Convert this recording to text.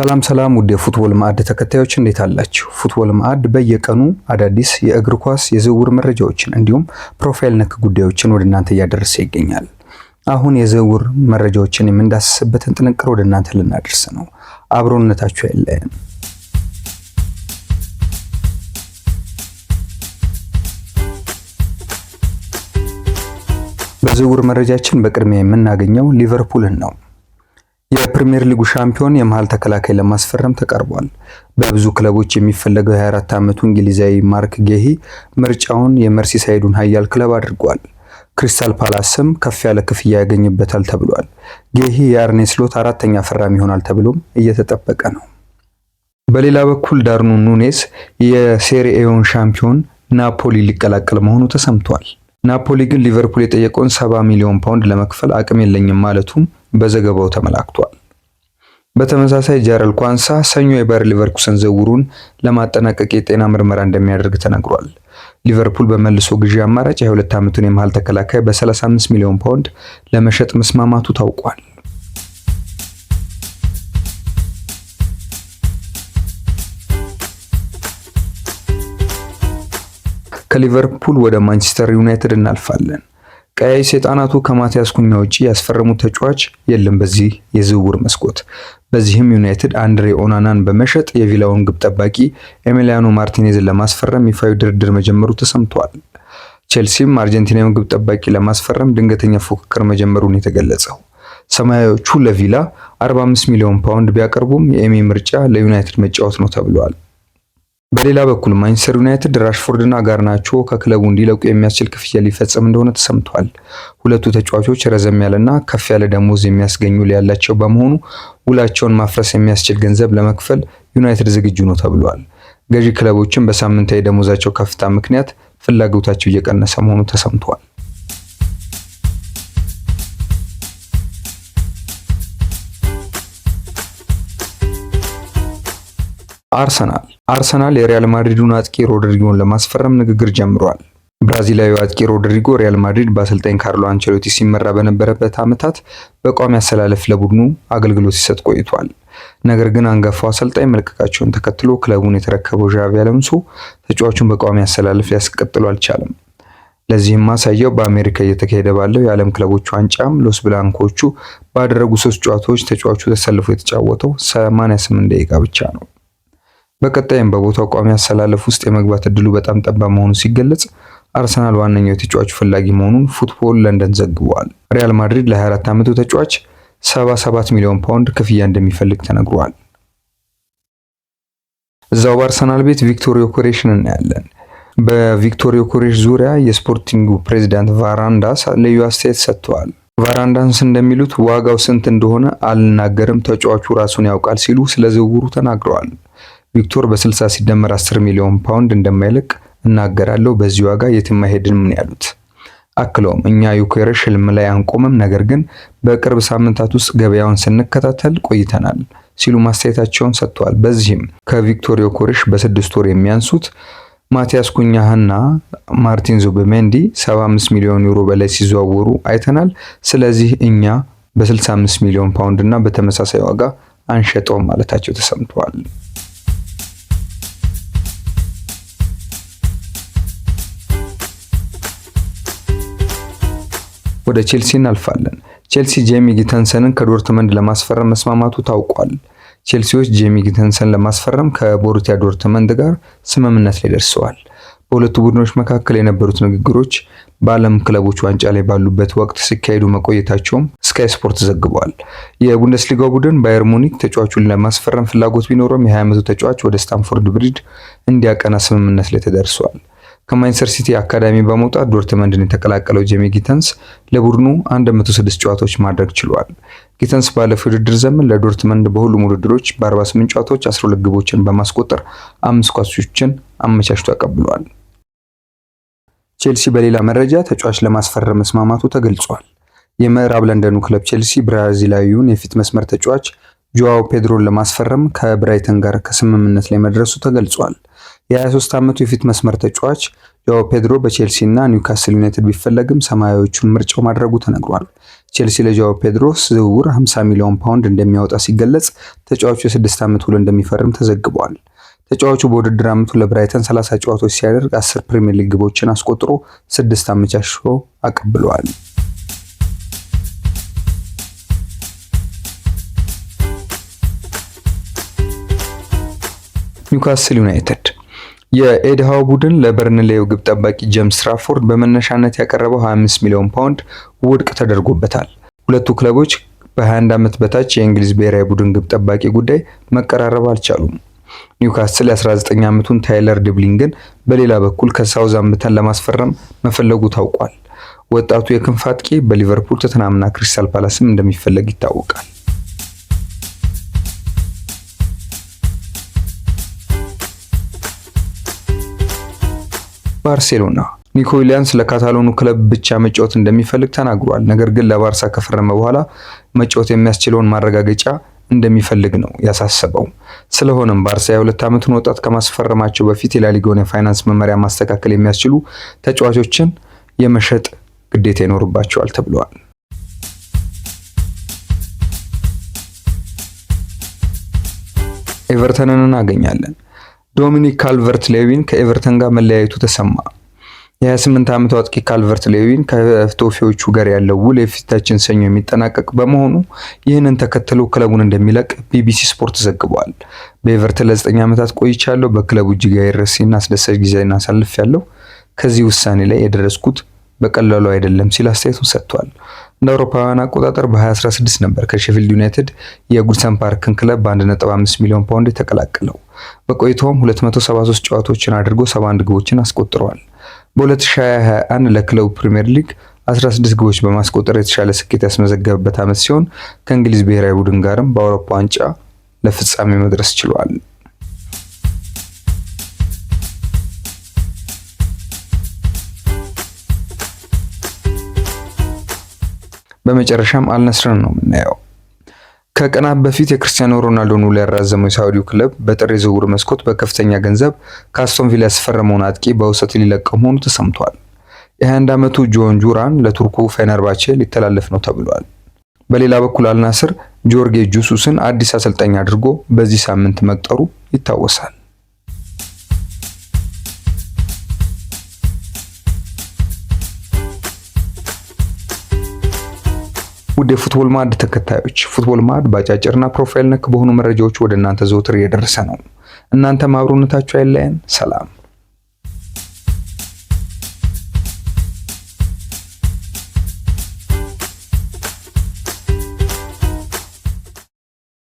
ሰላም ሰላም ውድ የፉትቦል ማዕድ ተከታዮች እንዴት አላችሁ? ፉትቦል ማዕድ በየቀኑ አዳዲስ የእግር ኳስ የዝውውር መረጃዎችን እንዲሁም ፕሮፋይል ነክ ጉዳዮችን ወደ እናንተ እያደረሰ ይገኛል። አሁን የዝውውር መረጃዎችን የምንዳስስበትን ጥንቅር ወደ እናንተ ልናደርስ ነው። አብሮነታችሁ አይለየን። በዝውውር መረጃችን በቅድሚያ የምናገኘው ሊቨርፑልን ነው። የፕሪሚየር ሊጉ ሻምፒዮን የመሃል ተከላካይ ለማስፈረም ተቃርቧል። በብዙ ክለቦች የሚፈለገው የ24 ዓመቱ እንግሊዛዊ ማርክ ጌሂ ምርጫውን የመርሲሳይዱን ኃያል ክለብ አድርጓል። ክሪስታል ፓላስም ከፍ ያለ ክፍያ ያገኝበታል ተብሏል። ጌሂ የአርኔ ስሎት አራተኛ ፈራሚ ይሆናል ተብሎም እየተጠበቀ ነው። በሌላ በኩል ዳርኑ ኑኔዝ የሴሪኤውን ሻምፒዮን ናፖሊ ሊቀላቀል መሆኑ ተሰምቷል። ናፖሊ ግን ሊቨርፑል የጠየቀውን 70 ሚሊዮን ፓውንድ ለመክፈል አቅም የለኝም ማለቱም በዘገባው ተመላክቷል። በተመሳሳይ ጃረል ኳንሳ ሰኞ የባየር ሊቨርኩሰን ዝውውሩን ለማጠናቀቅ የጤና ምርመራ እንደሚያደርግ ተነግሯል። ሊቨርፑል በመልሶ ግዢ አማራጭ የ2 ዓመቱን የመሃል ተከላካይ በ35 ሚሊዮን ፓውንድ ለመሸጥ መስማማቱ ታውቋል። ከሊቨርፑል ወደ ማንቸስተር ዩናይትድ እናልፋለን። ቀያይ ሰይጣናቱ ከማቲያስ ኩኛ ውጪ ያስፈረሙት ተጫዋች የለም በዚህ የዝውውር መስኮት። በዚህም ዩናይትድ አንድሬ ኦናናን በመሸጥ የቪላውን ግብ ጠባቂ ኤሚሊያኖ ማርቲኔዝን ለማስፈረም ይፋዊ ድርድር መጀመሩ ተሰምቷል። ቼልሲም አርጀንቲናዊውን ግብ ጠባቂ ለማስፈረም ድንገተኛ ፉክክር መጀመሩን የተገለጸው ሰማያዎቹ ለቪላ 45 ሚሊዮን ፓውንድ ቢያቀርቡም የኤሜ ምርጫ ለዩናይትድ መጫወት ነው ተብሏል። በሌላ በኩል ማንቸስተር ዩናይትድ ራሽፎርድና ጋርናቾ ከክለቡ እንዲለቁ የሚያስችል ክፍያ ሊፈጸም እንደሆነ ተሰምቷል። ሁለቱ ተጫዋቾች ረዘም ያለና ከፍ ያለ ደሞዝ የሚያስገኙ ያላቸው በመሆኑ ውላቸውን ማፍረስ የሚያስችል ገንዘብ ለመክፈል ዩናይትድ ዝግጁ ነው ተብሏል። ገዢ ክለቦችም በሳምንታዊ ደሞዛቸው ከፍታ ምክንያት ፍላጎታቸው እየቀነሰ መሆኑ ተሰምቷል። አርሰናል አርሰናል የሪያል ማድሪዱን አጥቂ ሮድሪጎን ለማስፈረም ንግግር ጀምሯል። ብራዚላዊ አጥቂ ሮድሪጎ ሪያል ማድሪድ በአሰልጣኝ ካርሎ አንቸሎቲ ሲመራ በነበረበት ዓመታት በቋሚ አሰላለፍ ለቡድኑ አገልግሎት ሲሰጥ ቆይቷል። ነገር ግን አንጋፋው አሰልጣኝ መልቀቃቸውን ተከትሎ ክለቡን የተረከበው ዣቪ አለምሶ ተጫዋቹን በቋሚ አሰላለፍ ሊያስቀጥሉ አልቻለም። ለዚህም ማሳያው በአሜሪካ እየተካሄደ ባለው የዓለም ክለቦች ዋንጫም ሎስ ብላንኮቹ ባደረጉ ሶስት ጨዋታዎች ተጫዋቹ ተሰልፎ የተጫወተው 88 ደቂቃ ብቻ ነው። በቀጣይም በቦታው ቋሚ አሰላለፍ ውስጥ የመግባት እድሉ በጣም ጠባብ መሆኑ ሲገለጽ አርሰናል ዋነኛው የተጫዋቹ ፈላጊ መሆኑን ፉትቦል ለንደን ዘግቧል። ሪያል ማድሪድ ለ24 ዓመቱ ተጫዋች 77 ሚሊዮን ፓውንድ ክፍያ እንደሚፈልግ ተነግሯል። እዛው በአርሰናል ቤት ቪክቶሪዮ ኮሬሽን እናያለን። በቪክቶሪዮ ኮሬሽ ዙሪያ የስፖርቲንጉ ፕሬዚዳንት ቫራንዳስ ልዩ አስተያየት ሰጥተዋል። ቫራንዳንስ እንደሚሉት ዋጋው ስንት እንደሆነ አልናገርም፣ ተጫዋቹ ራሱን ያውቃል ሲሉ ስለ ዝውውሩ ተናግረዋል። ቪክቶር በ60 ሲደመር 10 ሚሊዮን ፓውንድ እንደማይለቅ እናገራለሁ። በዚህ ዋጋ የትም አይሄድም ነው ያሉት። አክለውም እኛ ዩኬሬሽ ህልም ላይ አንቆምም፣ ነገር ግን በቅርብ ሳምንታት ውስጥ ገበያውን ስንከታተል ቆይተናል ሲሉ ማስተያየታቸውን ሰጥተዋል። በዚህም ከቪክቶር ዮኬሬሽ በስድስት ወር የሚያንሱት ማቲያስ ኩኛህና ማርቲን ዙብሜንዲ 75 ሚሊዮን ዩሮ በላይ ሲዘዋወሩ አይተናል። ስለዚህ እኛ በ65 ሚሊዮን ፓውንድ እና በተመሳሳይ ዋጋ አንሸጠው ማለታቸው ተሰምተዋል። ወደ ቼልሲ እናልፋለን። ቼልሲ ጄሚ ጊተንሰንን ከዶርትመንድ ለማስፈረም መስማማቱ ታውቋል። ቼልሲዎች ጄሚ ጊተንሰን ለማስፈረም ከቦሩቲያ ዶርትመንድ ጋር ስምምነት ላይ ደርሰዋል። በሁለቱ ቡድኖች መካከል የነበሩት ንግግሮች በዓለም ክለቦች ዋንጫ ላይ ባሉበት ወቅት ሲካሄዱ መቆየታቸውም ስካይ ስፖርት ዘግቧል። የቡንደስሊጋው ቡድን ባየር ሙኒክ ተጫዋቹን ለማስፈረም ፍላጎት ቢኖረውም የ20 ዓመቱ ተጫዋች ወደ ስታንፎርድ ብሪድ እንዲያቀና ስምምነት ላይ ተደርሷል። ከማንቸስተር ሲቲ አካዳሚ በመውጣት ዶርትመንድን የተቀላቀለው ጄሚ ጊተንስ ለቡድኑ 106 ጨዋታዎች ማድረግ ችሏል። ጊተንስ ባለፈው ውድድር ዘመን ለዶርትመንድ በሁሉም ውድድሮች በ48 ጨዋታዎች 12 ግቦችን በማስቆጠር አምስት ኳሶችን አመቻችቶ ያቀብሏል። ቼልሲ በሌላ መረጃ ተጫዋች ለማስፈረም መስማማቱ ተገልጿል። የምዕራብ ለንደኑ ክለብ ቼልሲ ብራዚላዊውን የፊት መስመር ተጫዋች ጆዋው ፔድሮን ለማስፈረም ከብራይተን ጋር ከስምምነት ላይ መድረሱ ተገልጿል። የ23 ዓመቱ የፊት መስመር ተጫዋች ጆዋ ፔድሮ በቼልሲ እና ኒውካስል ዩናይትድ ቢፈለግም ሰማያዊዎቹን ምርጫው ማድረጉ ተነግሯል። ቼልሲ ለጆዋ ፔድሮ ዝውውር 50 ሚሊዮን ፓውንድ እንደሚያወጣ ሲገለጽ ተጫዋቹ የስድስት ዓመት ውል እንደሚፈርም ተዘግቧል። ተጫዋቹ በውድድር ዓመቱ ለብራይተን 30 ጨዋታዎች ሲያደርግ 10 ፕሪሚየር ሊግ ግቦችን አስቆጥሮ ስድስት አመቻችቶ አቀብለዋል። ኒውካስል ዩናይትድ የኤድሃው ቡድን ለበርንሌው ግብ ጠባቂ ጀምስ ራፎርድ በመነሻነት ያቀረበው 25 ሚሊዮን ፓውንድ ውድቅ ተደርጎበታል። ሁለቱ ክለቦች በ21 ዓመት በታች የእንግሊዝ ብሔራዊ ቡድን ግብ ጠባቂ ጉዳይ መቀራረብ አልቻሉም። ኒውካስል የ19 ዓመቱን ታይለር ድብሊንግን በሌላ በኩል ከሳውዛምፕተን ለማስፈረም መፈለጉ ታውቋል። ወጣቱ የክንፍ አጥቂ በሊቨርፑል፣ ቶተንሃምና ክሪስታል ፓላስም እንደሚፈለግ ይታወቃል። ባርሴሎና ኒኮ ዊሊያንስ ለካታሎኑ ክለብ ብቻ መጫወት እንደሚፈልግ ተናግሯል። ነገር ግን ለባርሳ ከፈረመ በኋላ መጫወት የሚያስችለውን ማረጋገጫ እንደሚፈልግ ነው ያሳሰበው። ስለሆነም ባርሳ የሁለት ዓመቱን ወጣት ከማስፈረማቸው በፊት የላሊጋውን የፋይናንስ መመሪያ ማስተካከል የሚያስችሉ ተጫዋቾችን የመሸጥ ግዴታ ይኖርባቸዋል ተብለዋል። ኤቨርተንን እናገኛለን። ዶሚኒክ ካልቨርት ሌዊን ከኤቨርተን ጋር መለያየቱ ተሰማ። የ28 ዓመቱ አጥቂ ካልቨርት ሌዊን ከቶፊዎቹ ጋር ያለው ውል የፊታችን ሰኞ የሚጠናቀቅ በመሆኑ ይህንን ተከትሎ ክለቡን እንደሚለቅ ቢቢሲ ስፖርት ዘግቧል። በኤቨርተን ለ9 ዓመታት ቆይቻለሁ። በክለቡ እጅግ የረሴና አስደሳች ጊዜን አሳልፍ ያለው ከዚህ ውሳኔ ላይ የደረስኩት በቀላሉ አይደለም ሲል አስተያየቱን ሰጥቷል። እንደ አውሮፓውያን አቆጣጠር በ2016 ነበር ከሼፊልድ ዩናይትድ የጉድሰን ፓርክን ክለብ በ1.5 ሚሊዮን ፓውንድ የተቀላቀለው። በቆይታውም 273 ጨዋታዎችን አድርጎ 71 ግቦችን አስቆጥረዋል። በ2021 ለክለቡ ፕሪምየር ሊግ 16 ግቦች በማስቆጠር የተሻለ ስኬት ያስመዘገበበት ዓመት ሲሆን ከእንግሊዝ ብሔራዊ ቡድን ጋርም በአውሮፓ ዋንጫ ለፍጻሜ መድረስ ችሏል። በመጨረሻም አልነስርን ነው የምናየው። ከቀናት በፊት የክርስቲያኖ ሮናልዶን ውል ያራዘመው የሳውዲው ክለብ በጥር የዝውውር መስኮት በከፍተኛ ገንዘብ ከአስቶን ቪላ ያስፈረመውን አጥቂ በውሰት ሊለቀው መሆኑ ተሰምቷል። የ21 ዓመቱ ጆን ጁራን ለቱርኩ ፌነርባቼ ሊተላለፍ ነው ተብሏል። በሌላ በኩል አልናስር ጆርጌ ጁሱስን አዲስ አሰልጣኝ አድርጎ በዚህ ሳምንት መቅጠሩ ይታወሳል። ውድ የፉትቦል ማዕድ ተከታዮች ፉትቦል ማዕድ በአጫጭርና ፕሮፋይል ነክ በሆኑ መረጃዎች ወደ እናንተ ዘውትር እየደረሰ ነው። እናንተ አብሮነታችሁ አይለየን። ሰላም